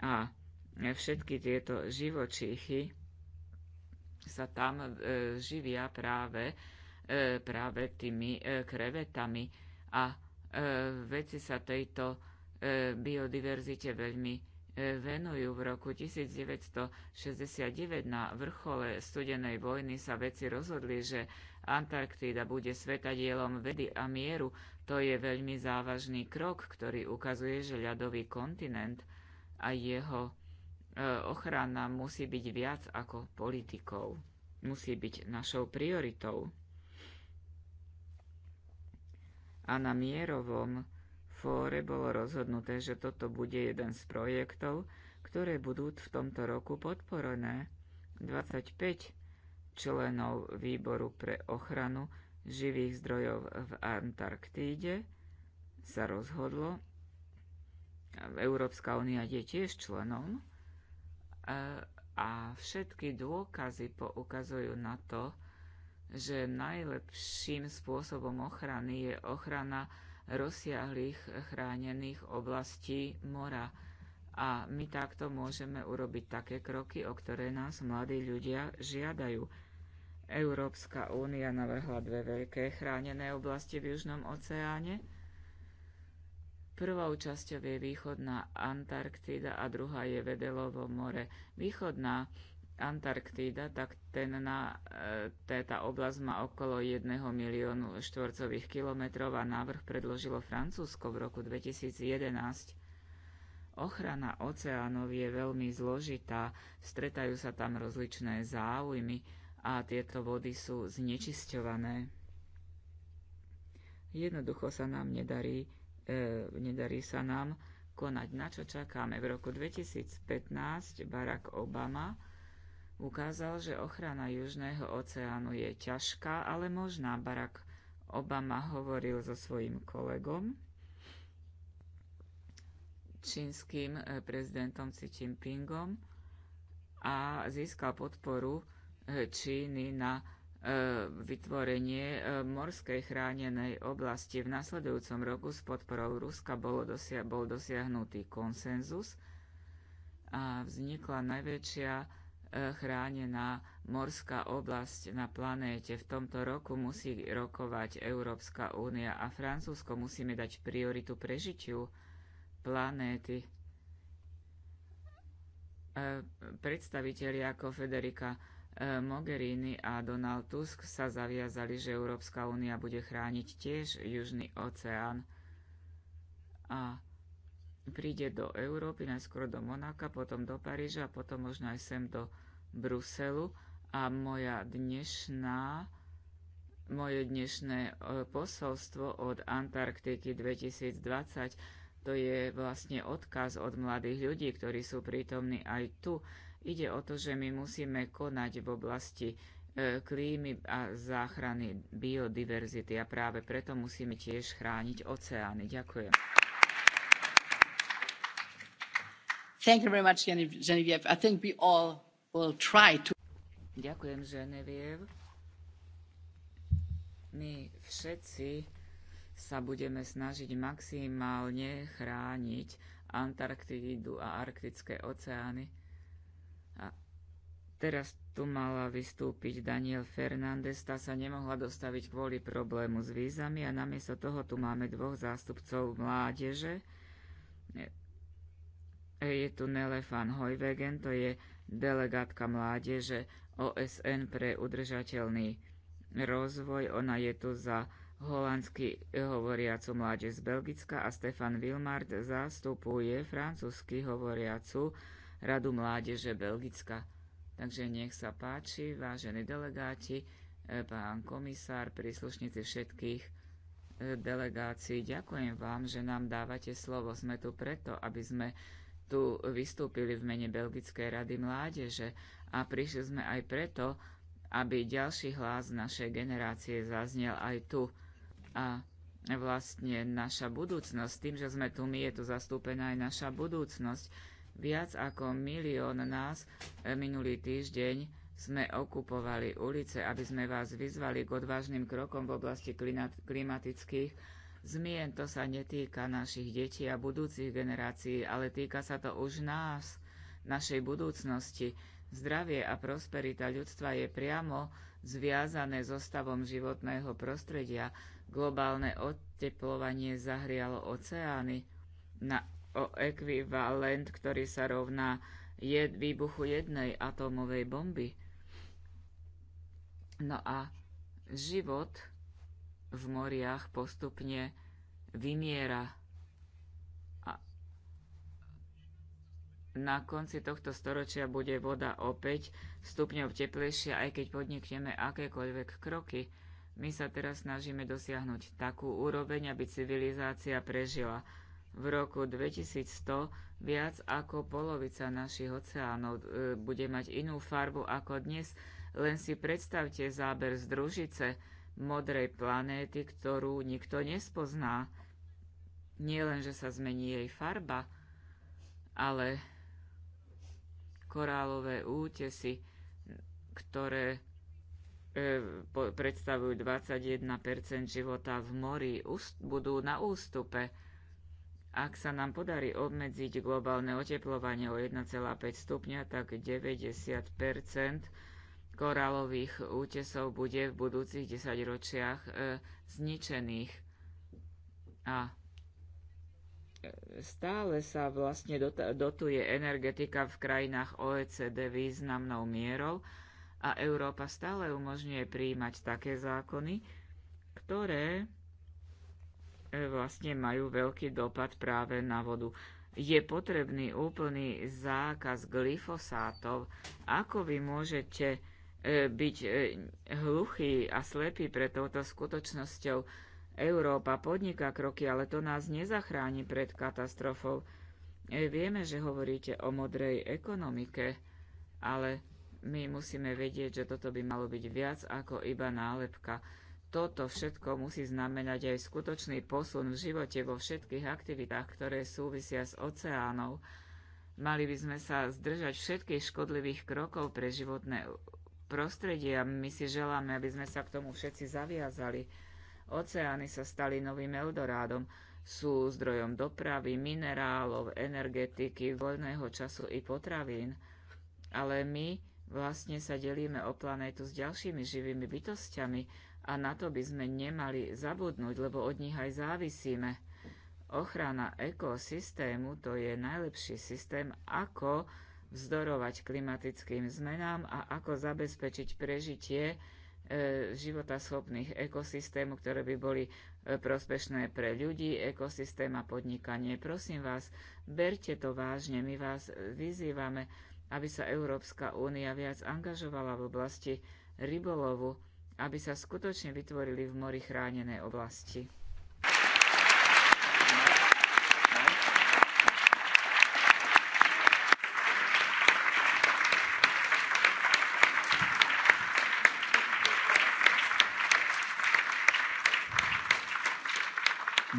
a všetky tieto živočíchy sa tam e, živia práve, e, práve tými e, krevetami a e, veci sa tejto e, biodiverzite veľmi E, venujú. V roku 1969 na vrchole studenej vojny sa veci rozhodli, že Antarktída bude svetadielom vedy a mieru. To je veľmi závažný krok, ktorý ukazuje, že ľadový kontinent a jeho e, ochrana musí byť viac ako politikou. Musí byť našou prioritou. A na mierovom fóre bolo rozhodnuté, že toto bude jeden z projektov, ktoré budú v tomto roku podporené. 25 členov výboru pre ochranu živých zdrojov v Antarktíde sa rozhodlo, Európska únia je tiež členom, e, a všetky dôkazy poukazujú na to, že najlepším spôsobom ochrany je ochrana rozsiahlých chránených oblastí mora. A my takto môžeme urobiť také kroky, o ktoré nás mladí ľudia žiadajú. Európska únia navrhla dve veľké chránené oblasti v Južnom oceáne. Prvou časťou je východná Antarktida a druhá je Vedelovo more. Východná Antarktída, tak ten na, e, tá oblasť má okolo 1 miliónu štvorcových kilometrov a návrh predložilo Francúzsko v roku 2011. Ochrana oceánov je veľmi zložitá, stretajú sa tam rozličné záujmy a tieto vody sú znečisťované. Jednoducho sa nám nedarí, e, nedarí sa nám konať, na čo čakáme. V roku 2015 Barack Obama ukázal, že ochrana Južného oceánu je ťažká, ale možná. Barack Obama hovoril so svojím kolegom, čínskym eh, prezidentom Xi Jinpingom a získal podporu eh, Číny na eh, vytvorenie morskej chránenej oblasti. V nasledujúcom roku s podporou Ruska bolo dosia- bol dosiahnutý konsenzus a vznikla najväčšia chránená morská oblasť na planéte. V tomto roku musí rokovať Európska únia a Francúzsko. Musíme dať prioritu prežitiu planéty. E, predstaviteľi ako Federica e, Mogherini a Donald Tusk sa zaviazali, že Európska únia bude chrániť tiež Južný oceán. A príde do Európy, najskôr do Monaka, potom do Paríža a potom možno aj sem do Bruselu. A moja dnešná, moje dnešné e, posolstvo od Antarktiky 2020 to je vlastne odkaz od mladých ľudí, ktorí sú prítomní aj tu. Ide o to, že my musíme konať v oblasti e, klímy a záchrany biodiverzity a práve preto musíme tiež chrániť oceány. Ďakujem. Thank you very much, Genevieve. I think we all will try to... Ďakujem, Genevieve. My všetci sa budeme snažiť maximálne chrániť Antarktidu a arktické oceány. A teraz tu mala vystúpiť Daniel Fernández, tá sa nemohla dostaviť kvôli problému s vízami a namiesto toho tu máme dvoch zástupcov mládeže je tu Nele van Hojvegen, to je delegátka mládeže OSN pre udržateľný rozvoj. Ona je tu za holandsky hovoriacu mládež z Belgicka a Stefan Wilmard zastupuje francúzsky hovoriacu Radu mládeže Belgicka. Takže nech sa páči, vážení delegáti, e, pán komisár, príslušníci všetkých e, delegácií, ďakujem vám, že nám dávate slovo. Sme tu preto, aby sme tu vystúpili v mene Belgickej rady mládeže a prišli sme aj preto, aby ďalší hlas našej generácie zaznel aj tu. A vlastne naša budúcnosť, tým, že sme tu my, je tu zastúpená aj naša budúcnosť. Viac ako milión nás eh, minulý týždeň sme okupovali ulice, aby sme vás vyzvali k odvážnym krokom v oblasti klimatických zmien. To sa netýka našich detí a budúcich generácií, ale týka sa to už nás, našej budúcnosti. Zdravie a prosperita ľudstva je priamo zviazané so stavom životného prostredia. Globálne oteplovanie zahrialo oceány na o ekvivalent, ktorý sa rovná jed, výbuchu jednej atómovej bomby. No a život v moriach postupne vymiera. A na konci tohto storočia bude voda opäť stupňov teplejšia, aj keď podnikneme akékoľvek kroky. My sa teraz snažíme dosiahnuť takú úroveň, aby civilizácia prežila. V roku 2100 viac ako polovica našich oceánov e, bude mať inú farbu ako dnes. Len si predstavte záber z družice, modrej planéty, ktorú nikto nespozná. Nie len, že sa zmení jej farba, ale korálové útesy, ktoré e, po, predstavujú 21 života v mori, úst, budú na ústupe. Ak sa nám podarí obmedziť globálne oteplovanie o 1,5 stupňa, tak 90 koralových útesov bude v budúcich desaťročiach e, zničených. A e, stále sa vlastne dotuje energetika v krajinách OECD významnou mierou a Európa stále umožňuje príjmať také zákony, ktoré e, vlastne majú veľký dopad práve na vodu je potrebný úplný zákaz glyfosátov, ako vy môžete E, byť e, hluchý a slepý pre touto skutočnosťou. Európa podniká kroky, ale to nás nezachráni pred katastrofou. E, vieme, že hovoríte o modrej ekonomike, ale my musíme vedieť, že toto by malo byť viac ako iba nálepka. Toto všetko musí znamenať aj skutočný posun v živote vo všetkých aktivitách, ktoré súvisia s oceánov. Mali by sme sa zdržať všetkých škodlivých krokov pre životné a My si želáme, aby sme sa k tomu všetci zaviazali. Oceány sa stali novým Eldorádom. Sú zdrojom dopravy, minerálov, energetiky, voľného času i potravín. Ale my vlastne sa delíme o planétu s ďalšími živými bytostiami a na to by sme nemali zabudnúť, lebo od nich aj závisíme. Ochrana ekosystému to je najlepší systém, ako vzdorovať klimatickým zmenám a ako zabezpečiť prežitie e, schopných ekosystémov, ktoré by boli e, prospešné pre ľudí, ekosystém a podnikanie. Prosím vás, berte to vážne. My vás vyzývame, aby sa Európska únia viac angažovala v oblasti rybolovu, aby sa skutočne vytvorili v mori chránené oblasti.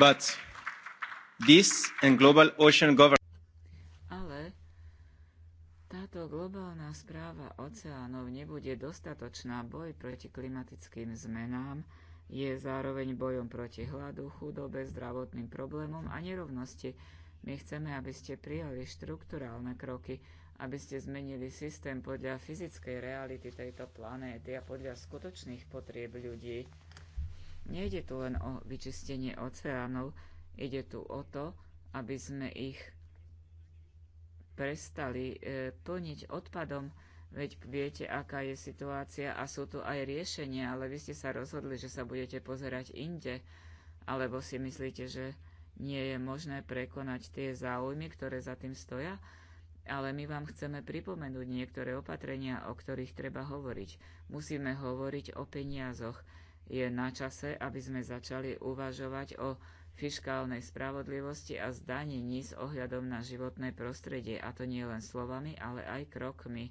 But this and global ocean ale táto globálna správa oceánov nebude dostatočná. Boj proti klimatickým zmenám je zároveň bojom proti hladu, chudobe, zdravotným problémom a nerovnosti. My chceme, aby ste prijali štrukturálne kroky, aby ste zmenili systém podľa fyzickej reality tejto planéty a podľa skutočných potrieb ľudí. Nejde tu len o vyčistenie oceánov, ide tu o to, aby sme ich prestali e, plniť odpadom, veď viete, aká je situácia a sú tu aj riešenia, ale vy ste sa rozhodli, že sa budete pozerať inde, alebo si myslíte, že nie je možné prekonať tie záujmy, ktoré za tým stoja, ale my vám chceme pripomenúť niektoré opatrenia, o ktorých treba hovoriť. Musíme hovoriť o peniazoch. Je na čase, aby sme začali uvažovať o fiškálnej spravodlivosti a zdanení s ohľadom na životné prostredie, a to nie len slovami, ale aj krokmi.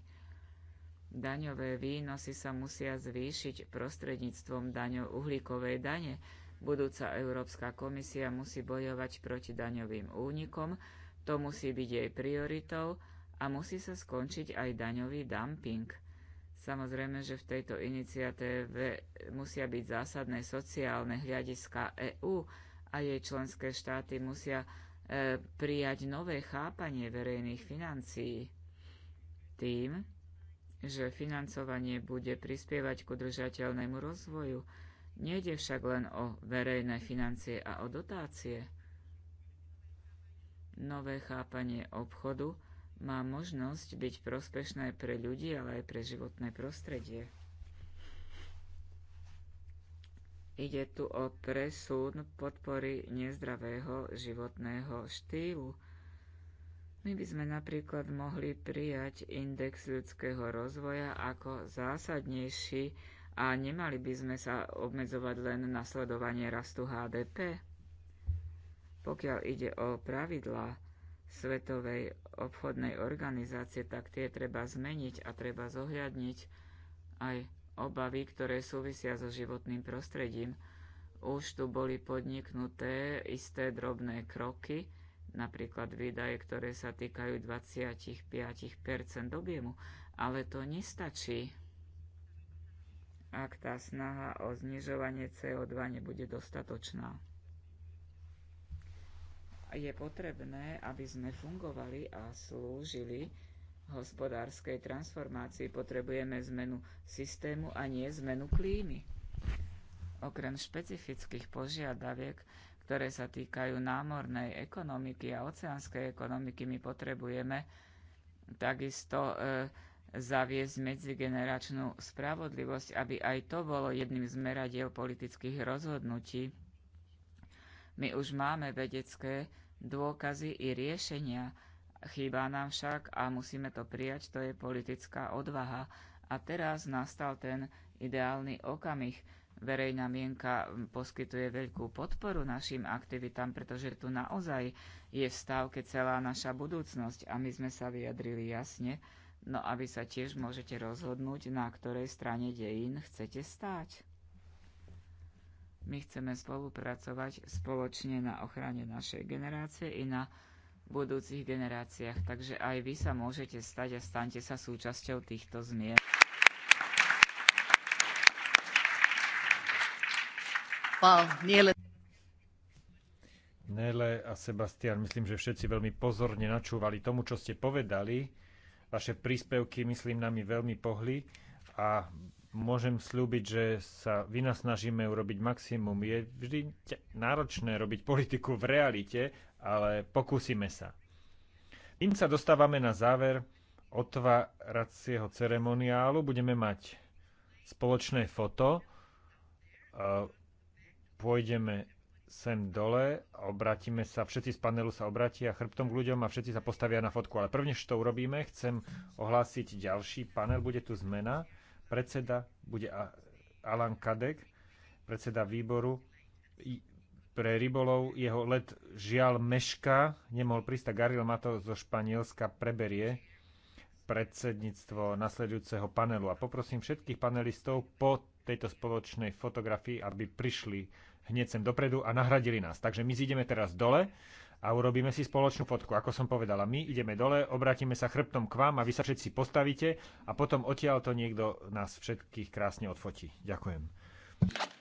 Daňové výnosy sa musia zvýšiť prostredníctvom daňov uhlíkovej dane. Budúca Európska komisia musí bojovať proti daňovým únikom, to musí byť jej prioritou a musí sa skončiť aj daňový dumping. Samozrejme, že v tejto iniciatíve musia byť zásadné sociálne hľadiska EÚ a jej členské štáty musia e, prijať nové chápanie verejných financií tým, že financovanie bude prispievať k udržateľnému rozvoju. Nejde však len o verejné financie a o dotácie. Nové chápanie obchodu – má možnosť byť prospešné pre ľudí, ale aj pre životné prostredie. Ide tu o presun podpory nezdravého životného štýlu. My by sme napríklad mohli prijať index ľudského rozvoja ako zásadnejší a nemali by sme sa obmedzovať len na sledovanie rastu HDP. Pokiaľ ide o pravidlá, Svetovej obchodnej organizácie, tak tie treba zmeniť a treba zohľadniť aj obavy, ktoré súvisia so životným prostredím. Už tu boli podniknuté isté drobné kroky, napríklad výdaje, ktoré sa týkajú 25 objemu, ale to nestačí, ak tá snaha o znižovanie CO2 nebude dostatočná je potrebné, aby sme fungovali a slúžili hospodárskej transformácii. Potrebujeme zmenu systému a nie zmenu klímy. Okrem špecifických požiadaviek, ktoré sa týkajú námornej ekonomiky a oceánskej ekonomiky, my potrebujeme takisto e, zaviesť medzigeneračnú spravodlivosť, aby aj to bolo jedným z meradiel politických rozhodnutí. My už máme vedecké dôkazy i riešenia. Chýba nám však, a musíme to prijať, to je politická odvaha. A teraz nastal ten ideálny okamih. Verejná mienka poskytuje veľkú podporu našim aktivitám, pretože tu naozaj je v stávke celá naša budúcnosť a my sme sa vyjadrili jasne, no a vy sa tiež môžete rozhodnúť, na ktorej strane dejín chcete stáť. My chceme spolupracovať spoločne na ochrane našej generácie i na budúcich generáciách. Takže aj vy sa môžete stať a stante sa súčasťou týchto zmien. Nele a Sebastian, myslím, že všetci veľmi pozorne načúvali tomu, čo ste povedali. Vaše príspevky, myslím, nami veľmi pohli a môžem slúbiť, že sa vynasnažíme urobiť maximum. Je vždy náročné robiť politiku v realite, ale pokúsime sa. Tým sa dostávame na záver otváracieho ceremoniálu. Budeme mať spoločné foto. E, pôjdeme sem dole, obratíme sa, všetci z panelu sa obratia chrbtom k ľuďom a všetci sa postavia na fotku. Ale prvne, čo to urobíme, chcem ohlásiť ďalší panel, bude tu zmena. Predseda bude Alan Kadek, predseda výboru pre rybolov. Jeho let žiaľ meška, nemohol prísť tak Garil Mato zo Španielska preberie predsedníctvo nasledujúceho panelu. A poprosím všetkých panelistov po tejto spoločnej fotografii, aby prišli hneď sem dopredu a nahradili nás. Takže my zídeme teraz dole a urobíme si spoločnú fotku. Ako som povedala, my ideme dole, obrátime sa chrbtom k vám a vy sa všetci postavíte a potom odtiaľ to niekto nás všetkých krásne odfotí. Ďakujem.